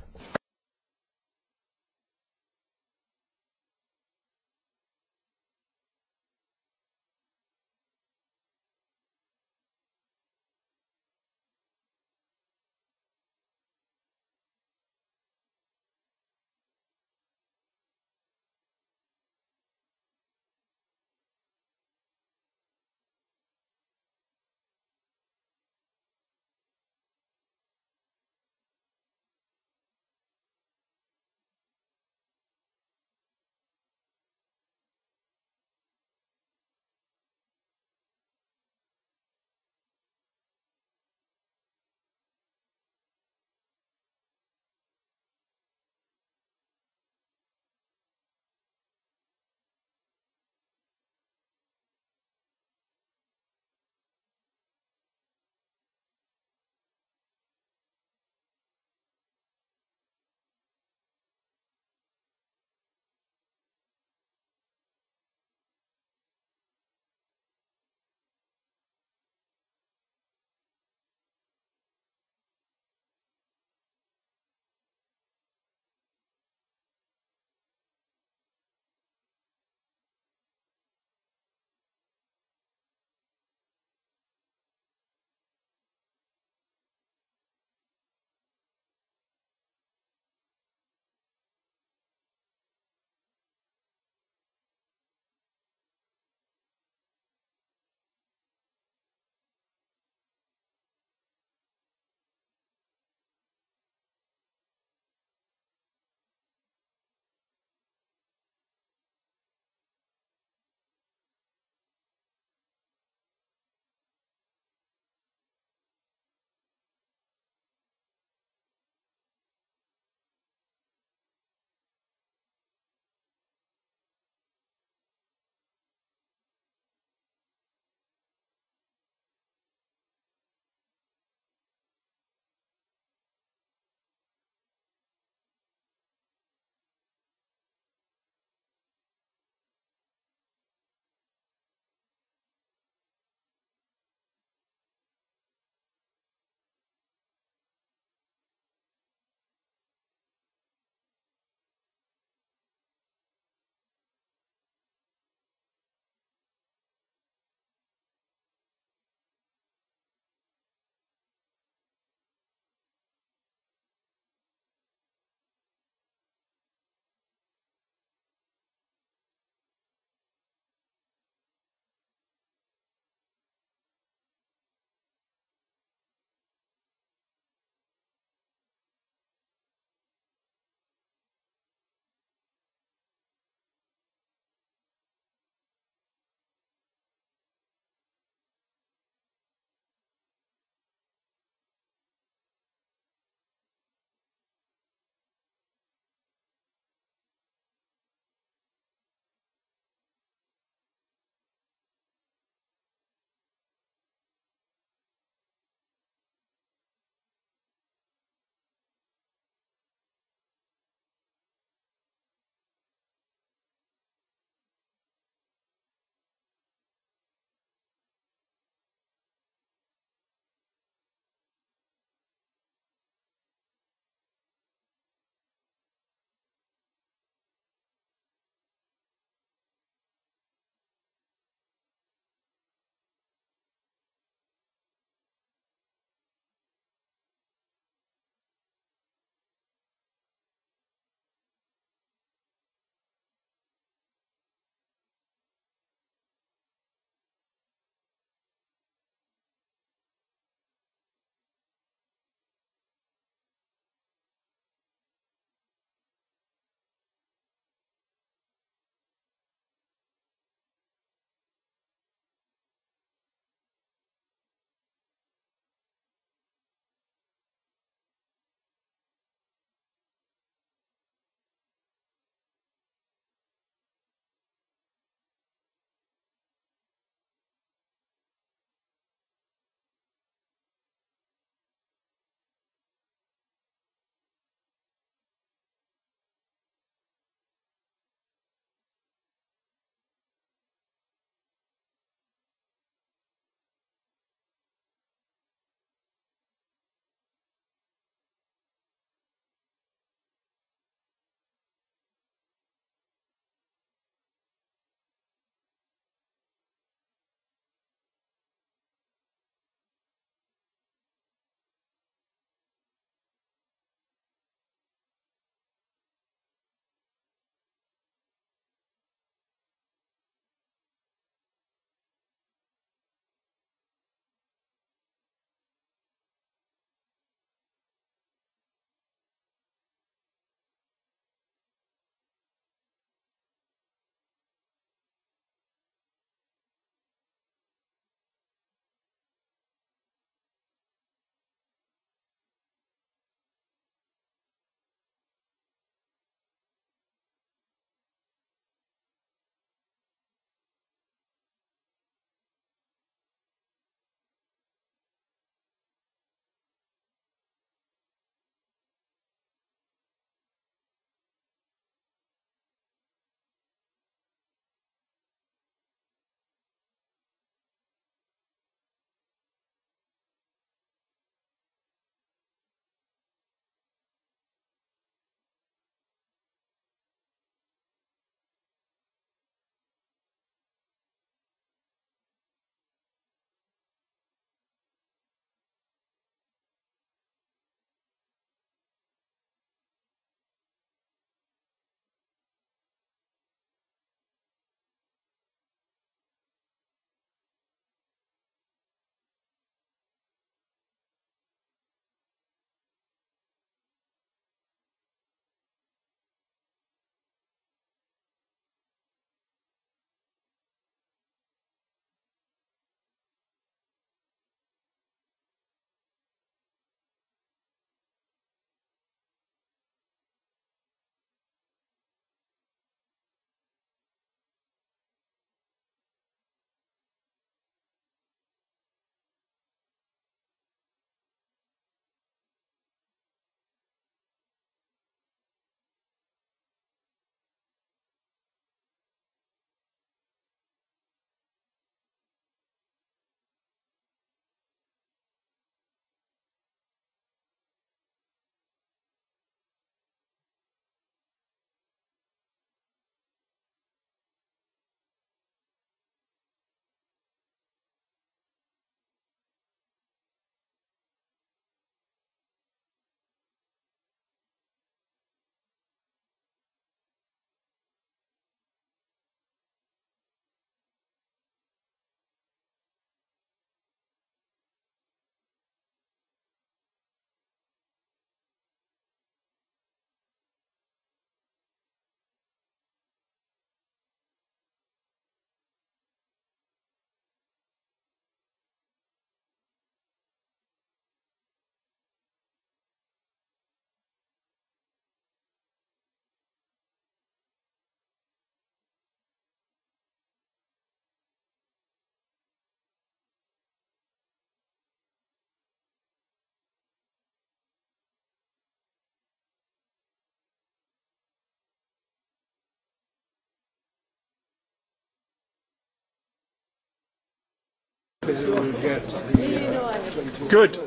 Good.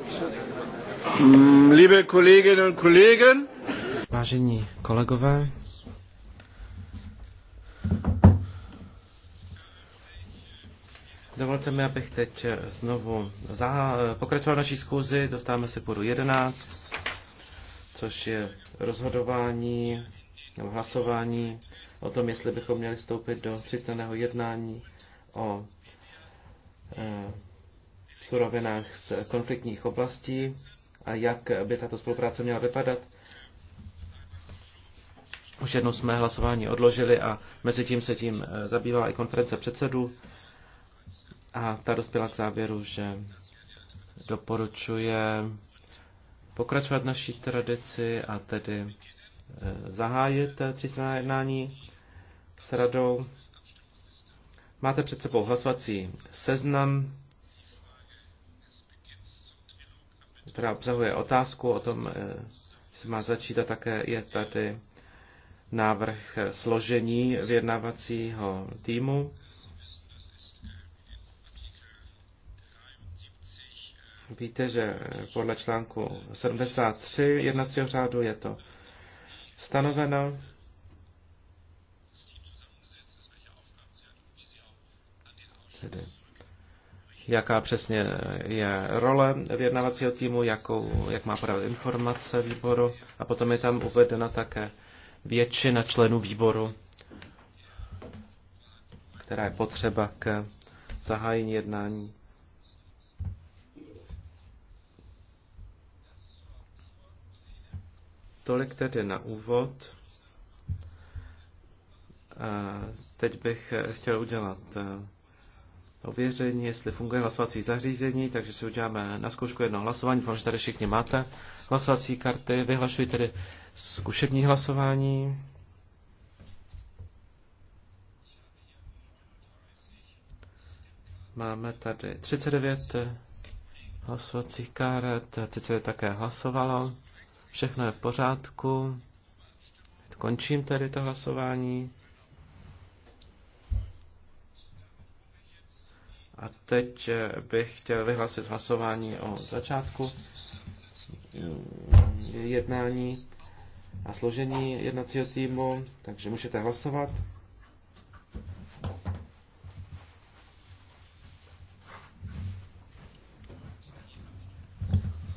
Mm, liebe Kolleginnen und Kollegen. Vážení kolegové, dovolte mi, abych teď znovu zahá... pokračoval naší schůzi. Dostáváme se bodu 11, což je rozhodování nebo hlasování o tom, jestli bychom měli vstoupit do přistaného jednání o eh, surovinách z konfliktních oblastí a jak by tato spolupráce měla vypadat. Už jednou jsme hlasování odložili a mezi tím se tím eh, zabývala i konference předsedů a ta dospěla k závěru, že doporučuje pokračovat naší tradici a tedy eh, zahájit eh, třístranné jednání s radou. Máte před sebou hlasovací seznam která obsahuje otázku o tom, eh, se má začít a také je tady návrh složení vyjednávacího týmu. Víte, že podle článku 73 jednacího řádu je to stanoveno. Tedy jaká přesně je role vyjednávacího týmu, jakou, jak má podávat informace výboru a potom je tam uvedena také většina členů výboru, která je potřeba k zahájení jednání. Tolik tedy na úvod. Teď bych chtěl udělat eh, ověření, jestli funguje hlasovací zařízení, takže si uděláme na zkoušku jedno hlasování. Doufám, že tady všichni máte hlasovací karty. Vyhlašuji tedy zkušební hlasování. Máme tady 39 hlasovacích karet, 39 také hlasovalo. Všechno je v pořádku. Končím tedy to hlasování. A teď eh, bych chtěl vyhlásit hlasování o začátku mm, jednání a složení jednacího týmu, takže můžete hlasovat.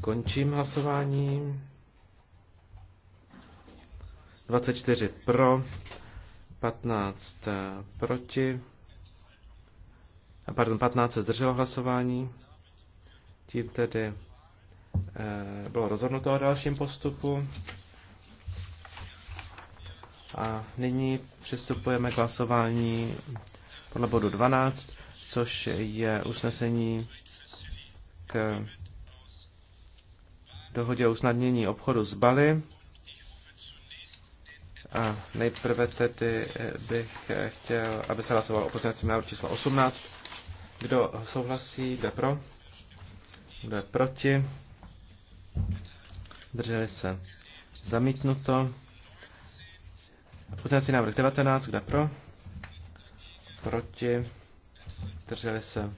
Končím hlasování. 24 pro, 15 eh, proti pardon, 15 se zdrželo hlasování. Tím tedy eh, bylo rozhodnuto o dalším postupu. A nyní přistupujeme k hlasování podle bodu 12, což je usnesení k dohodě o usnadnění obchodu s Bali. A nejprve tedy eh, bych eh, chtěl, aby se hlasovalo o pozměňovacím návrhu číslo 18. Kdo souhlasí, jde pro. Kdo je proti? Drželi se. Zamítnuto. Pozměňovací návrh 19, kde pro? Proti. Drželi se.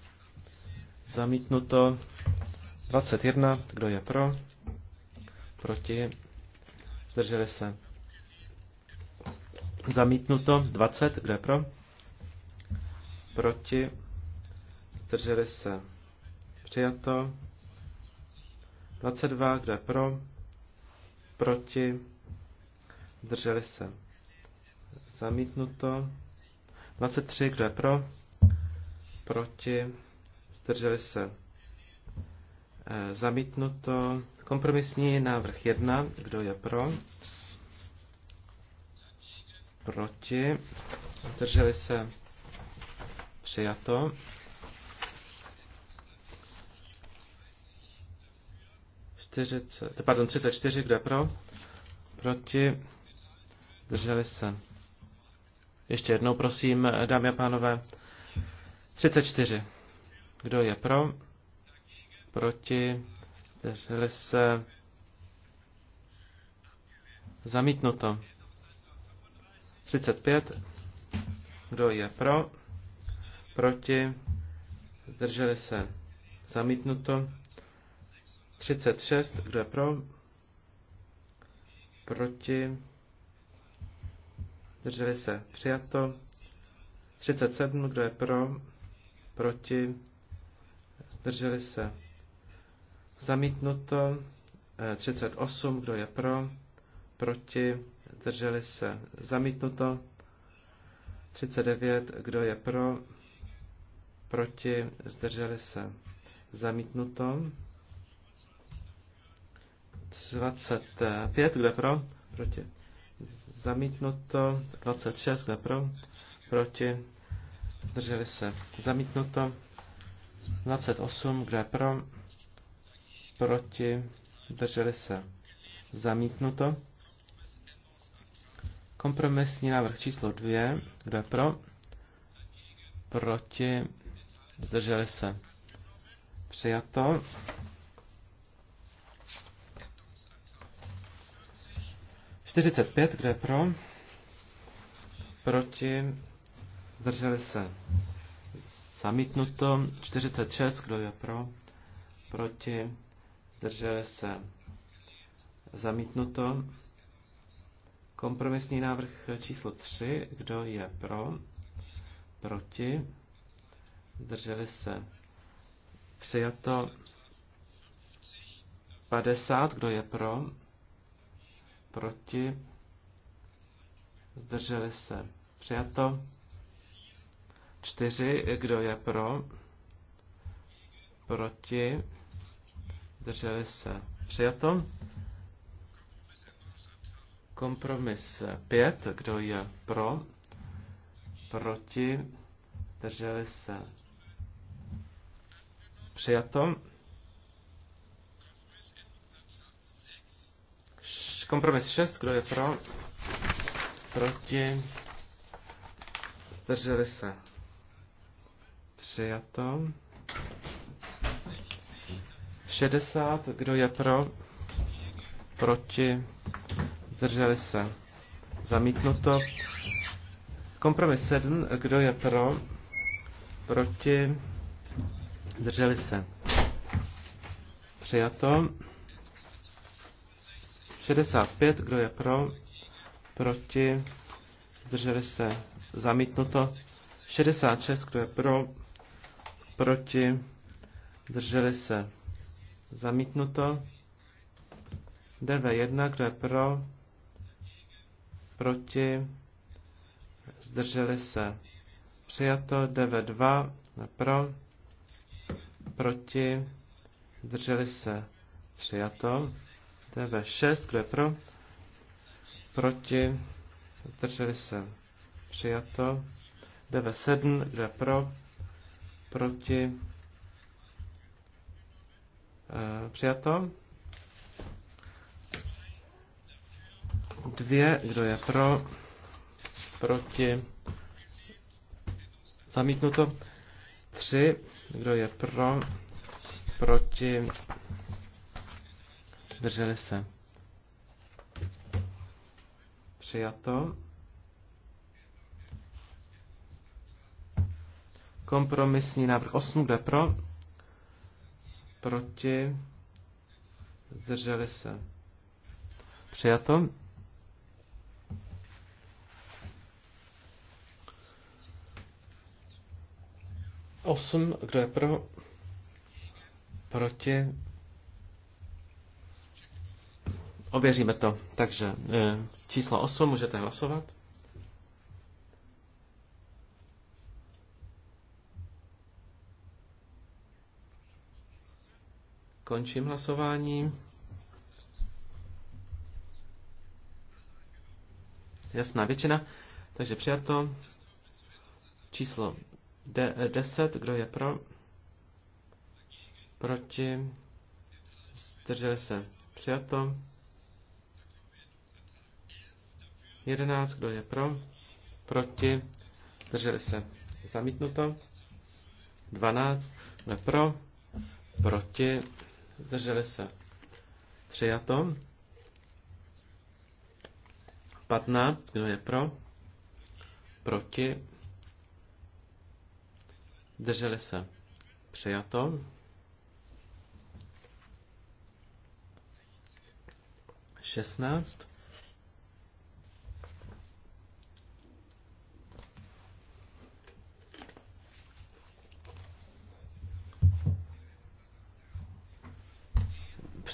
Zamítnuto. 21, kdo je pro? Proti. Drželi se. Zamítnuto. 20, kdo je pro? Proti zdrželi se přijato. 22, kdo je pro, proti, zdrželi se zamítnuto. 23, kdo je pro, proti, zdrželi se e, zamítnuto. Kompromisní návrh 1, kdo je pro, proti, zdrželi se přijato. 40, pardon, 34, kdo je pro? Proti? Zdrželi se. Ještě jednou, prosím, dámy a pánové. 34. Kdo je pro? Proti? Zdrželi se. Zamítnuto. 35. Kdo je pro? Proti? Zdrželi se. Zamítnuto. 36, kdo je pro? Proti? Drželi se. Přijato. 37, kdo je pro? Proti? Zdrželi se. Zamítnuto. 38, eh, kdo je pro? Proti? Zdrželi se. Zamítnuto. 39, kdo je pro? Proti? Zdrželi se. Zamítnuto. 25, kde pro? Proti. Zamítnuto. 26, kde pro? Proti. Drželi se. Zamítnuto. 28, kde pro? Proti. Drželi se. Zamítnuto. Kompromisní návrh číslo 2, kde pro? Proti. Zdrželi se. Přijato. 45, kdo je pro? Proti? Zdrželi se. Zamítnuto. 46, kdo je pro? Proti? Zdrželi se. Zamítnuto. Kompromisní návrh číslo 3, kdo je pro? Proti? Zdrželi se. Přijato. 50, kdo je pro? proti, zdrželi se, přijato. Čtyři, kdo je pro, proti, zdrželi se, přijato. Kompromis pět, kdo je pro, proti, zdrželi se, přijato. Kompromis 6, kdo je pro? Proti? Zdrželi se. Přijato. 60, kdo je pro? Proti? Zdrželi se. Zamítnuto. Kompromis 7, kdo je pro? Proti? Zdrželi se. Přijato. 65, kdo je pro, proti, zdrželi se, zamítnuto. 66, kdo je pro, proti, zdrželi se, zamítnuto. DV1, kdo je pro, proti, zdrželi se, přijato. DV2, pro, proti, zdrželi se, přijato. TV6, kdo je pro? Proti? Zdrželi se. Přijato. TV7, kdo je pro? Proti? E, přijato. Dvě, kdo je pro? Proti? Zamítnuto. Tři, kdo je pro? Proti? Zdrželi se. Přijato. Kompromisní návrh 8, kde pro? Proti. Zdrželi se. Přijato. Osm, kdo je pro? Proti Ověříme to. Takže e, číslo 8 můžete hlasovat. Končím hlasování. Jasná většina. Takže přijato. Číslo 10. E, kdo je pro? Proti? Zdrželi se. Přijato. 11, kdo je pro, proti, Drželi se, zamítnuto. 12, kdo je pro, proti, Drželi se, přijato. 15, kdo je pro, proti, drželi se, přijato. 16.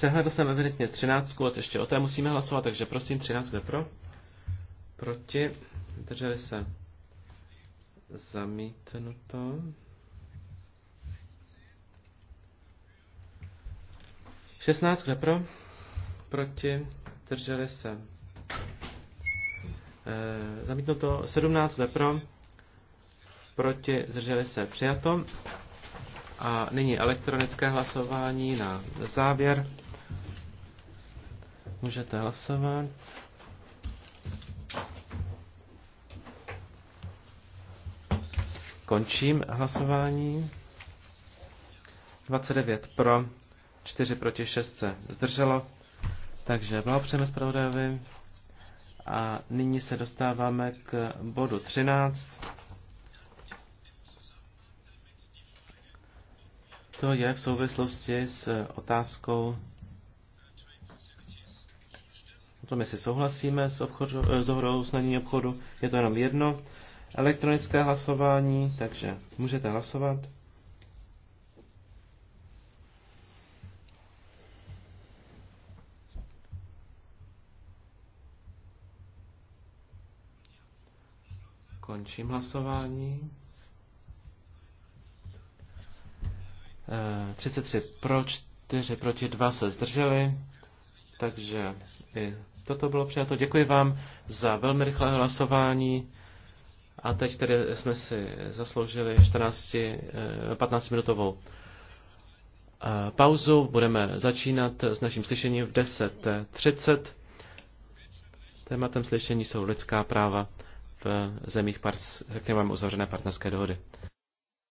Přehledl jsem evidentně 13, let ještě o té musíme hlasovat, takže prosím 13 pro. Proti. Drželi se. Zamítnuto. Šestnáct kde pro? Proti. Drželi se. E, zamítnuto. Sedmnáct kde pro? Proti. drželi se. Přijato. A nyní elektronické hlasování na závěr. Můžete hlasovat. Končím hlasování. 29 pro, 4 proti 6 se zdrželo. Takže blahopřejeme zpravodajovi. A nyní se dostáváme k bodu 13. To je v souvislosti s otázkou tom, jestli souhlasíme s, obchodu, eh, s dohodou usnadnění obchodu. Je to jenom jedno elektronické hlasování, takže můžete hlasovat. Končím hlasování. 33 eh, pro, 4 proti 2 se zdrželi, takže i Toto bylo přijato. Děkuji vám za velmi rychlé hlasování. A teď tedy jsme si zasloužili 14, 15-minutovou eh, eh, pauzu. Budeme začínat s naším slyšením v 10.30. Tématem slyšení jsou lidská práva v zemích, řekněme, uzavřené partnerské dohody.